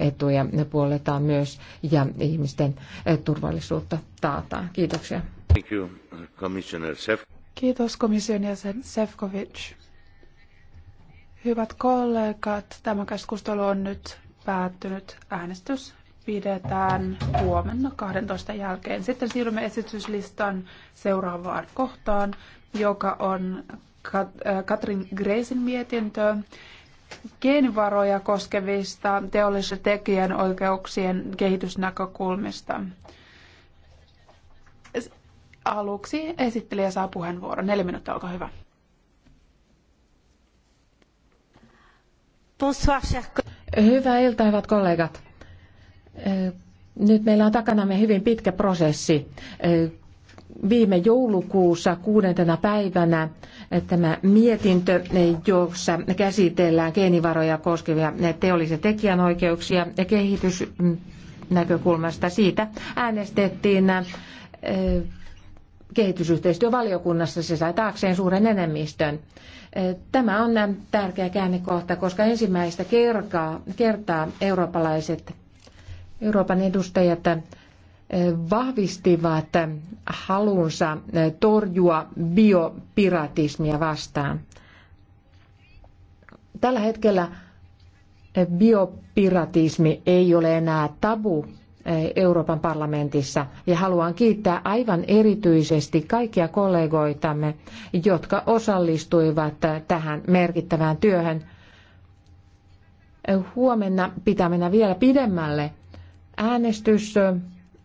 etuja ne puoletaan myös ja ihmisten eh, turvallisuutta taataan. Kiitoksia. Thank you, Commissioner Sef- Kiitos komission jäsen Sefcovic. Hyvät kollegat, tämä keskustelu on nyt päättynyt. Äänestys pidetään huomenna 12 jälkeen. Sitten siirrymme esityslistan seuraavaan kohtaan, joka on eh, Katrin Greisin mietintö geenivaroja koskevista teollisen tekijän oikeuksien kehitysnäkökulmista. Aluksi esittelijä saa puheenvuoron. Neljä minuuttia, olkaa hyvä. Hyvää iltaa, hyvät kollegat. Nyt meillä on takanamme hyvin pitkä prosessi viime joulukuussa kuudentena päivänä tämä mietintö, jossa käsitellään geenivaroja koskevia teollisia tekijänoikeuksia ja kehitysnäkökulmasta. Siitä äänestettiin äh, kehitysyhteistyövaliokunnassa. Se sai taakseen suuren enemmistön. Äh, tämä on tärkeä käännekohta, koska ensimmäistä kertaa eurooppalaiset Euroopan edustajat vahvistivat halunsa torjua biopiratismia vastaan. Tällä hetkellä biopiratismi ei ole enää tabu Euroopan parlamentissa ja haluan kiittää aivan erityisesti kaikkia kollegoitamme, jotka osallistuivat tähän merkittävään työhön. Huomenna pitää mennä vielä pidemmälle. Äänestys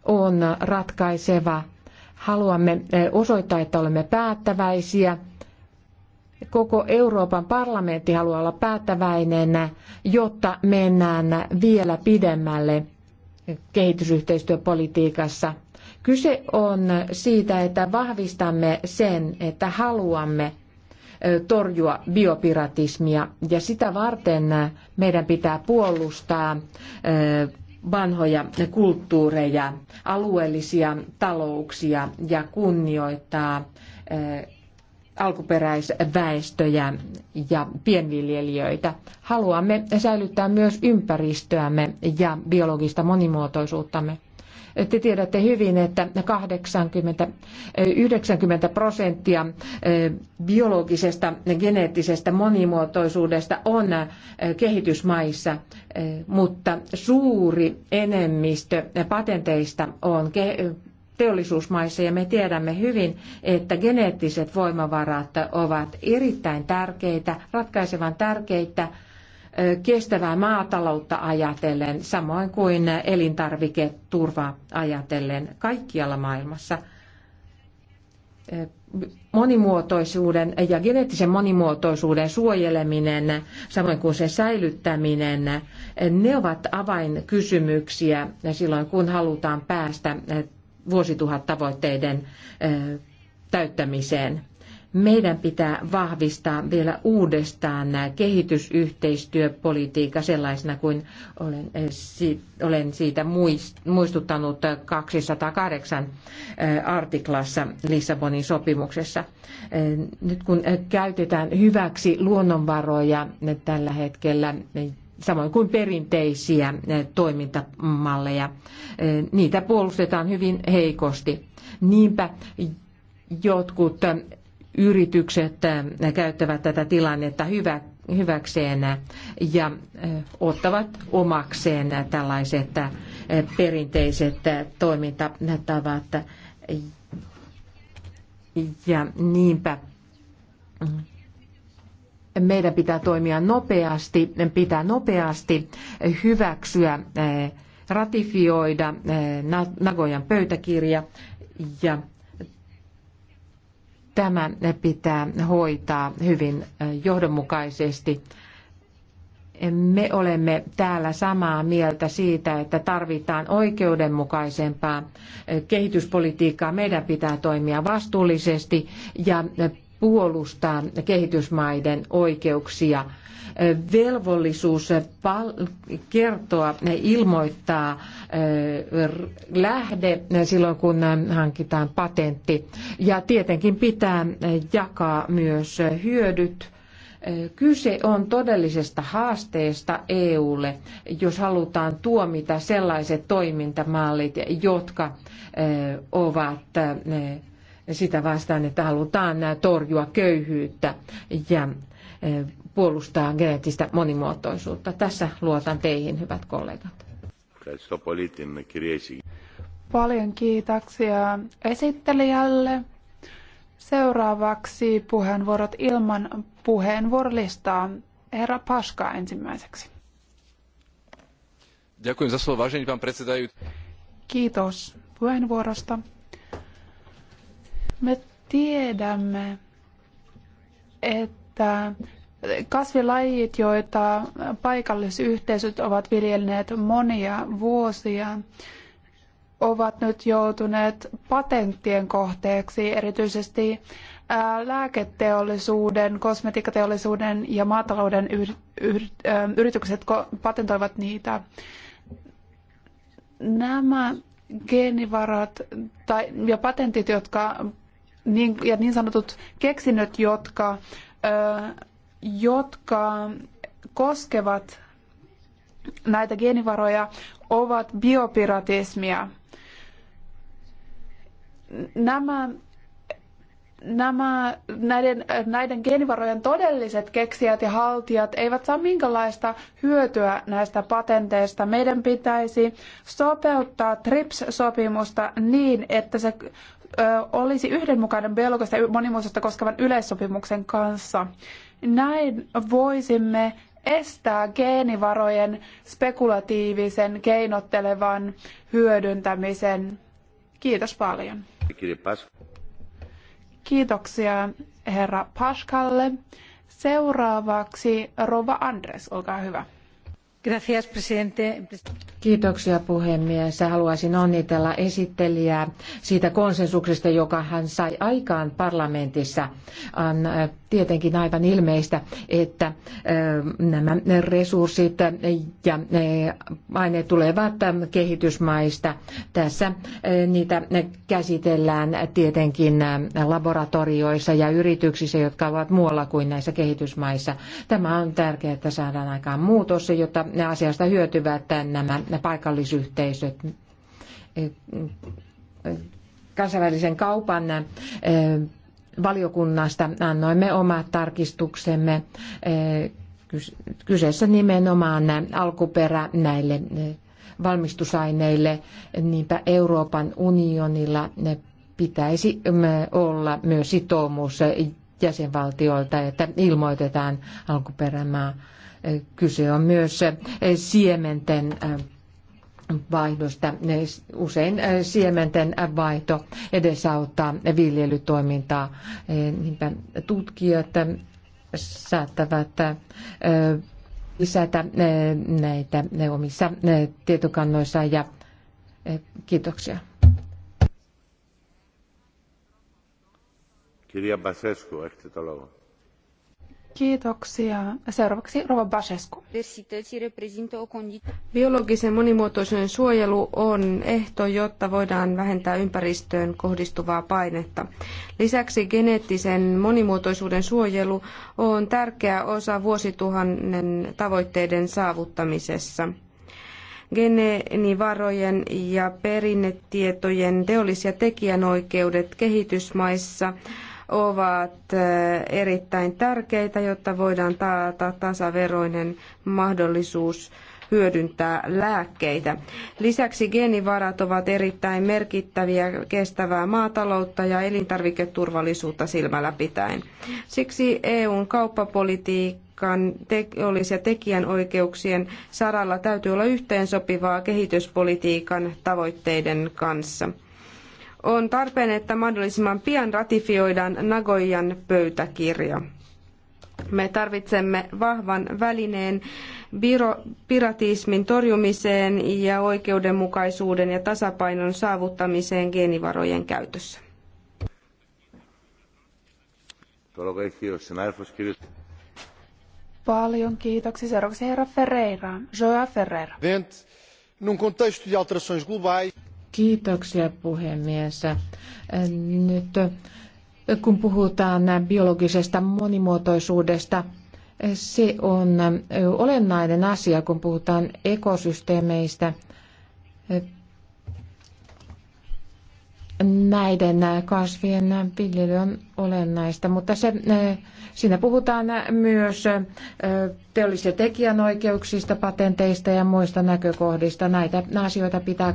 on ratkaiseva. Haluamme eh, osoittaa, että olemme päättäväisiä. Koko Euroopan parlamentti haluaa olla päättäväinen, jotta mennään vielä pidemmälle kehitysyhteistyöpolitiikassa. Kyse on siitä, että vahvistamme sen, että haluamme eh, torjua biopiratismia ja sitä varten meidän pitää puolustaa eh, vanhoja kulttuureja, alueellisia talouksia ja kunnioittaa eh, alkuperäisväestöjä ja pienviljelijöitä. Haluamme säilyttää myös ympäristöämme ja biologista monimuotoisuuttamme. Te tiedätte hyvin, että 80-90 prosenttia eh, biologisesta geneettisestä monimuotoisuudesta on eh, kehitysmaissa, eh, mutta suuri enemmistö patenteista on teollisuusmaissa ja me tiedämme hyvin, että geneettiset voimavarat ovat erittäin tärkeitä, ratkaisevan tärkeitä kestävää maataloutta ajatellen, samoin kuin elintarviketurvaa ajatellen kaikkialla maailmassa monimuotoisuuden ja geneettisen monimuotoisuuden suojeleminen, samoin kuin sen säilyttäminen, ne ovat avainkysymyksiä silloin, kun halutaan päästä vuosituhattavoitteiden täyttämiseen meidän pitää vahvistaa vielä uudestaan kehitysyhteistyöpolitiikka sellaisena kuin olen, eh, olen siitä muistuttanut 208 eh, artiklassa Lissabonin sopimuksessa. Eh, nyt kun käytetään hyväksi luonnonvaroja tällä hetkellä, samoin kuin perinteisiä toimintamalleja, niitä puolustetaan hyvin heikosti. Niinpä jotkut yritykset äh, käyttävät tätä tilannetta hyvä, hyväkseen ja äh, ottavat omakseen tällaiset äh, perinteiset toimintatavat. Ja niinpä mm, meidän pitää toimia nopeasti, pitää nopeasti hyväksyä, ratifioida Nagojan pöytäkirja ja Tämä pitää hoitaa hyvin johdonmukaisesti. Me olemme täällä samaa mieltä siitä, että tarvitaan oikeudenmukaisempaa kehityspolitiikkaa. Meidän pitää toimia vastuullisesti ja puolustaa kehitysmaiden oikeuksia. Velvollisuus kertoa, ilmoittaa eh, lähde silloin, kun hankitaan patentti. Ja tietenkin pitää jakaa myös hyödyt eh, Kyse on todellisesta haasteesta EUlle, jos halutaan tuomita sellaiset toimintamallit, jotka eh, ovat sitä vastaan, että halutaan torjua köyhyyttä ja eh, puolustaa geneettistä monimuotoisuutta. Tässä luotan teihin, hyvät kollegat. Paljon kiitoksia esittelijälle. Seuraavaksi puheenvuorot ilman puheenvuorolistaa. Herra Paska ensimmäiseksi. Kiitos puheenvuorosta. Me tiedämme, että kasvilajit, joita paikallisyhteisöt ovat viljelneet monia vuosia, ovat nyt joutuneet patenttien kohteeksi, erityisesti lääketeollisuuden, kosmetiikkateollisuuden ja maatalouden yritykset patentoivat niitä. Nämä geenivarat tai, ja patentit, jotka niin, ja niin sanotut keksinnöt, jotka, ö, jotka koskevat näitä geenivaroja, ovat biopiratismia. Nämä nämä, näiden, näiden geenivarojen todelliset keksijät ja haltijat eivät saa minkälaista hyötyä näistä patenteista. Meidän pitäisi sopeuttaa TRIPS-sopimusta niin, että se olisi yhdenmukainen biologista monimuotoisuutta koskevan yleissopimuksen kanssa. Näin voisimme estää geenivarojen spekulatiivisen, keinottelevan hyödyntämisen. Kiitos paljon. Kiitoksia herra Paskalle. Seuraavaksi Rova Andres, olkaa hyvä. Kiitoksia puhemies. Haluaisin onnitella esittelijää siitä konsensuksesta, joka hän sai aikaan parlamentissa. On äh, tietenkin aivan ilmeistä, että äh, nämä resurssit ja äh, aineet tulevat ähm, kehitysmaista. Tässä niitä käsitellään tietenkin laboratorioissa ja yrityksissä, jotka ovat muualla kuin näissä kehitysmaissa. Tämä on tärkeää, että saadaan aikaan muutos, jotta asiasta hyötyvät nämä paikallisyhteisöt. Kansainvälisen kaupan eh, valiokunnasta annoimme omat tarkistuksemme. Eh, kyseessä nimenomaan alkuperä näille eh, valmistusaineille, niinpä Euroopan unionilla pitäisi mm, olla myös sitoumus jäsenvaltioilta, että ilmoitetaan alkuperämaa Kyse on myös eh, siementen eh, vaihdosta. Usein eh, siementen vaihto edesauttaa viljelytoimintaa. Niinpä tutkijat saattavat lisätä näitä omissa tietokannoissa ja kiitoksia. Kirja Basescu, έχετε το λόγο. Kiitoksia. Seuraavaksi Rova Basescu. Biologisen monimuotoisuuden suojelu on ehto, jotta voidaan vähentää ympäristöön kohdistuvaa painetta. Lisäksi geneettisen monimuotoisuuden suojelu on tärkeä osa vuosituhannen tavoitteiden saavuttamisessa geneenivarojen ja perinnetietojen teollisia tekijänoikeudet kehitysmaissa ovat eh, erittäin tärkeitä, jotta voidaan taata tasaveroinen mahdollisuus hyödyntää lääkkeitä. Lisäksi geenivarat ovat erittäin merkittäviä kestävää maataloutta ja elintarviketurvallisuutta silmällä pitäen. Siksi EUn kauppapolitiikan teollis- ja tekijänoikeuksien saralla täytyy olla yhteensopivaa kehityspolitiikan tavoitteiden kanssa on tarpeen, että mahdollisimman pian ratifioidaan Nagoyan pöytäkirja. Me tarvitsemme vahvan välineen piratismin torjumiseen ja oikeudenmukaisuuden ja tasapainon saavuttamiseen geenivarojen käytössä. Paljon kiitoksia. Seuraavaksi herra Ferreira, Joa Ferreira. Num contexto de alterações globais. Kiitoksia puhemies. Nyt kun puhutaan biologisesta monimuotoisuudesta, se on olennainen asia, kun puhutaan ekosysteemeistä. Näiden kasvien viljely on olennaista, mutta se, siinä puhutaan myös teollis- ja tekijänoikeuksista, patenteista ja muista näkökohdista. Näitä asioita pitää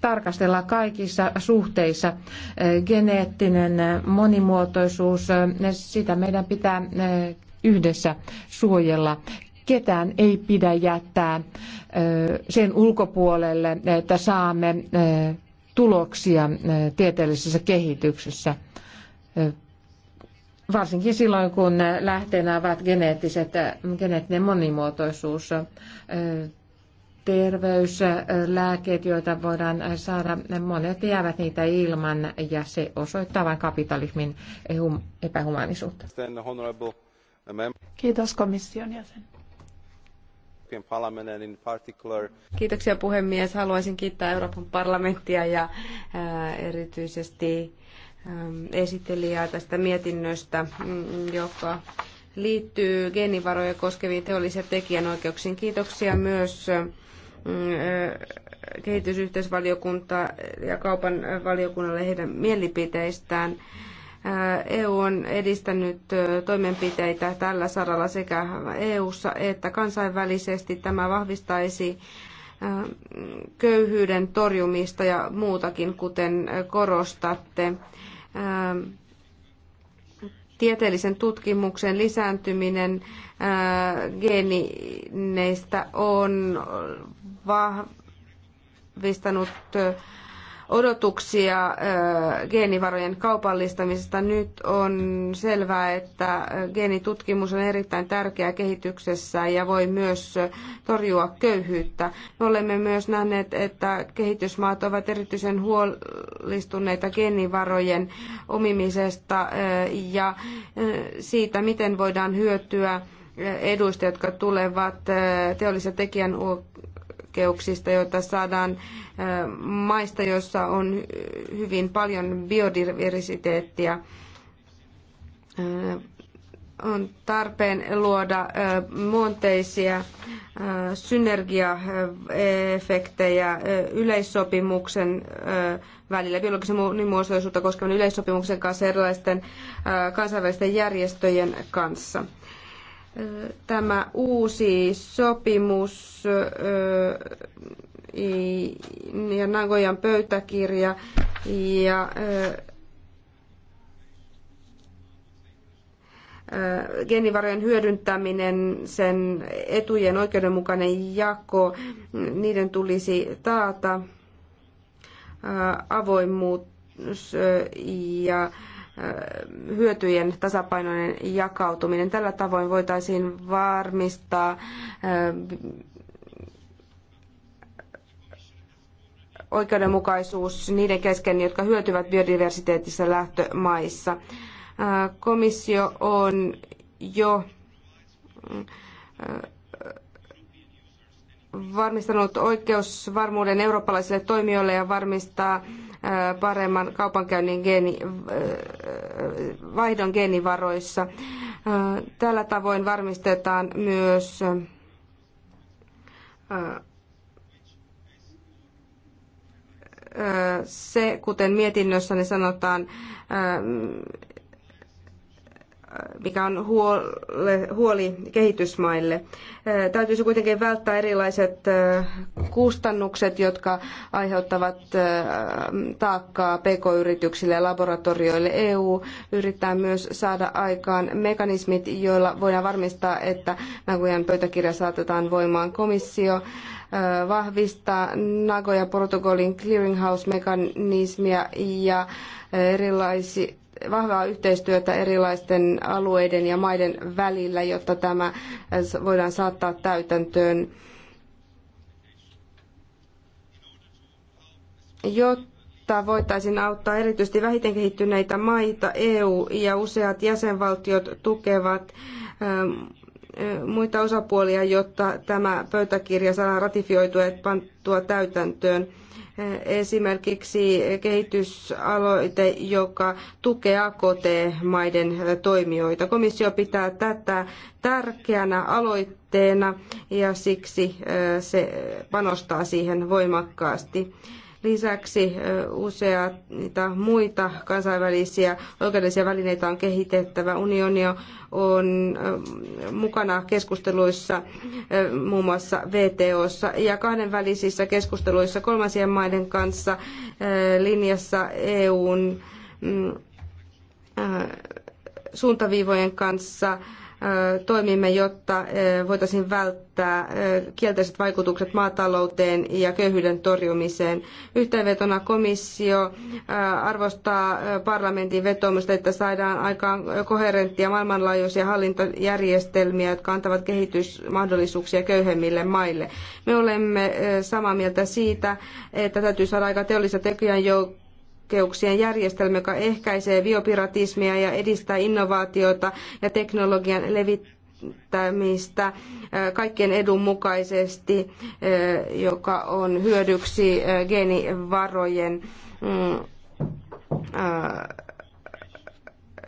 tarkastella kaikissa suhteissa. Eh, geneettinen monimuotoisuus, eh, sitä meidän pitää eh, yhdessä suojella. Ketään ei pidä jättää sen ulkopuolelle, että saamme tuloksia tieteellisessä kehityksessä. Varsinkin silloin, kun lähteenä ovat geneettiset, geneettinen monimuotoisuus terveyslääkkeet, äh, joita voidaan äh, saada, monet jäävät niitä ilman ja se osoittaa vain kapitalismin epähumanisuutta. Kiitos komission jäsen. Kiitoksia puhemies. Haluaisin kiittää Euroopan parlamenttia ja äh, erityisesti ähm, esittelijää tästä mietinnöstä, mm, joka liittyy geenivaroja koskeviin teollisiin tekijänoikeuksiin. Kiitoksia myös Mm, kehitysyhteisvaliokunta ja kaupan valiokunnalle heidän mielipiteistään. EU on edistänyt toimenpiteitä tällä saralla sekä EU:ssa että kansainvälisesti. Tämä vahvistaisi köyhyyden torjumista ja muutakin, kuten korostatte. Tieteellisen tutkimuksen lisääntyminen geenineistä on vahvistanut odotuksia geenivarojen kaupallistamisesta. Nyt on selvää, että geenitutkimus on erittäin tärkeää kehityksessä ja voi myös torjua köyhyyttä. Me olemme myös nähneet, että kehitysmaat ovat erityisen huolestuneita geenivarojen omimisesta ja siitä, miten voidaan hyötyä eduista, jotka tulevat teollisen tekijän poikkeuksista, joita saadaan maista, joissa on hyvin paljon biodiversiteettiä. On tarpeen luoda monteisia synergiaefektejä yleissopimuksen välillä, biologisen monimuotoisuutta koskevan yleissopimuksen kanssa erilaisten kansainvälisten järjestöjen kanssa tämä uusi sopimus ja Nagojan pöytäkirja ja genivarojen hyödyntäminen, sen etujen oikeudenmukainen jako, niiden tulisi taata avoimuus ja Äh, hyötyjen tasapainoinen jakautuminen. Tällä tavoin voitaisiin varmistaa äh, oikeudenmukaisuus niiden kesken, jotka hyötyvät biodiversiteetissä lähtömaissa. Äh, komissio on jo varmistanut oikeusvarmuuden eurooppalaisille toimijoille ja varmistaa paremman kaupankäynnin geeni vaihdon geenivaroissa. Tällä tavoin varmistetaan myös se, kuten mietinnössäni sanotaan, mikä on huole, huoli kehitysmaille. Äh, täytyisi kuitenkin välttää erilaiset äh, kustannukset, jotka aiheuttavat äh, taakkaa pk-yrityksille ja laboratorioille. EU yrittää myös saada aikaan mekanismit, joilla voidaan varmistaa, että Nagojan pöytäkirja saatetaan voimaan komissio vahvistaa Nagoja Portugalin clearinghouse-mekanismia ja erilaisia vahvaa yhteistyötä erilaisten alueiden ja maiden välillä, jotta tämä voidaan saattaa täytäntöön. Jotta voitaisiin auttaa erityisesti vähiten kehittyneitä maita, EU ja useat jäsenvaltiot tukevat ähm, äh, muita osapuolia, jotta tämä pöytäkirja saadaan ratifioitua ja pantua täytäntöön esimerkiksi kehitysaloite, joka tukee AKT-maiden toimijoita. Komissio pitää tätä tärkeänä aloitteena ja siksi äh, se panostaa siihen voimakkaasti. Lisäksi useita muita kansainvälisiä oikeudellisia välineitä on kehitettävä. Unioni on mukana keskusteluissa muun muassa VTOssa ja kahdenvälisissä keskusteluissa kolmansien maiden kanssa linjassa EUn mm, suuntaviivojen kanssa toimimme, jotta voitaisiin välttää kielteiset vaikutukset maatalouteen ja köyhyyden torjumiseen. Yhteenvetona komissio arvostaa parlamentin vetoomusta, että saadaan aikaan koherenttia maailmanlaajuisia hallintojärjestelmiä, jotka antavat kehitysmahdollisuuksia köyhemmille maille. Me olemme samaa mieltä siitä, että täytyy saada aika teollista tekijän joukkoa oikeuksien järjestelmä, joka ehkäisee biopiratismia ja edistää innovaatiota ja teknologian levittämistä äh, kaikkien edun mukaisesti, äh, joka on hyödyksi äh, geenivarojen mm,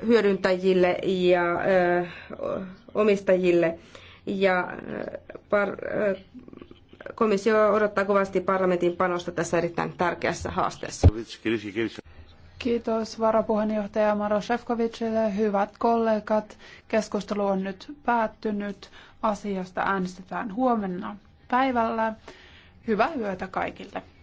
hyödyntäjille ja omistajille. Ja komissio odottaa kovasti parlamentin panosta tässä erittäin tärkeässä haasteessa. Kiitos varapuheenjohtaja Maro Shevkovicille. Hyvät kollegat, keskustelu on nyt päättynyt. Asiasta äänestetään huomenna päivällä. Hyvää yötä kaikille.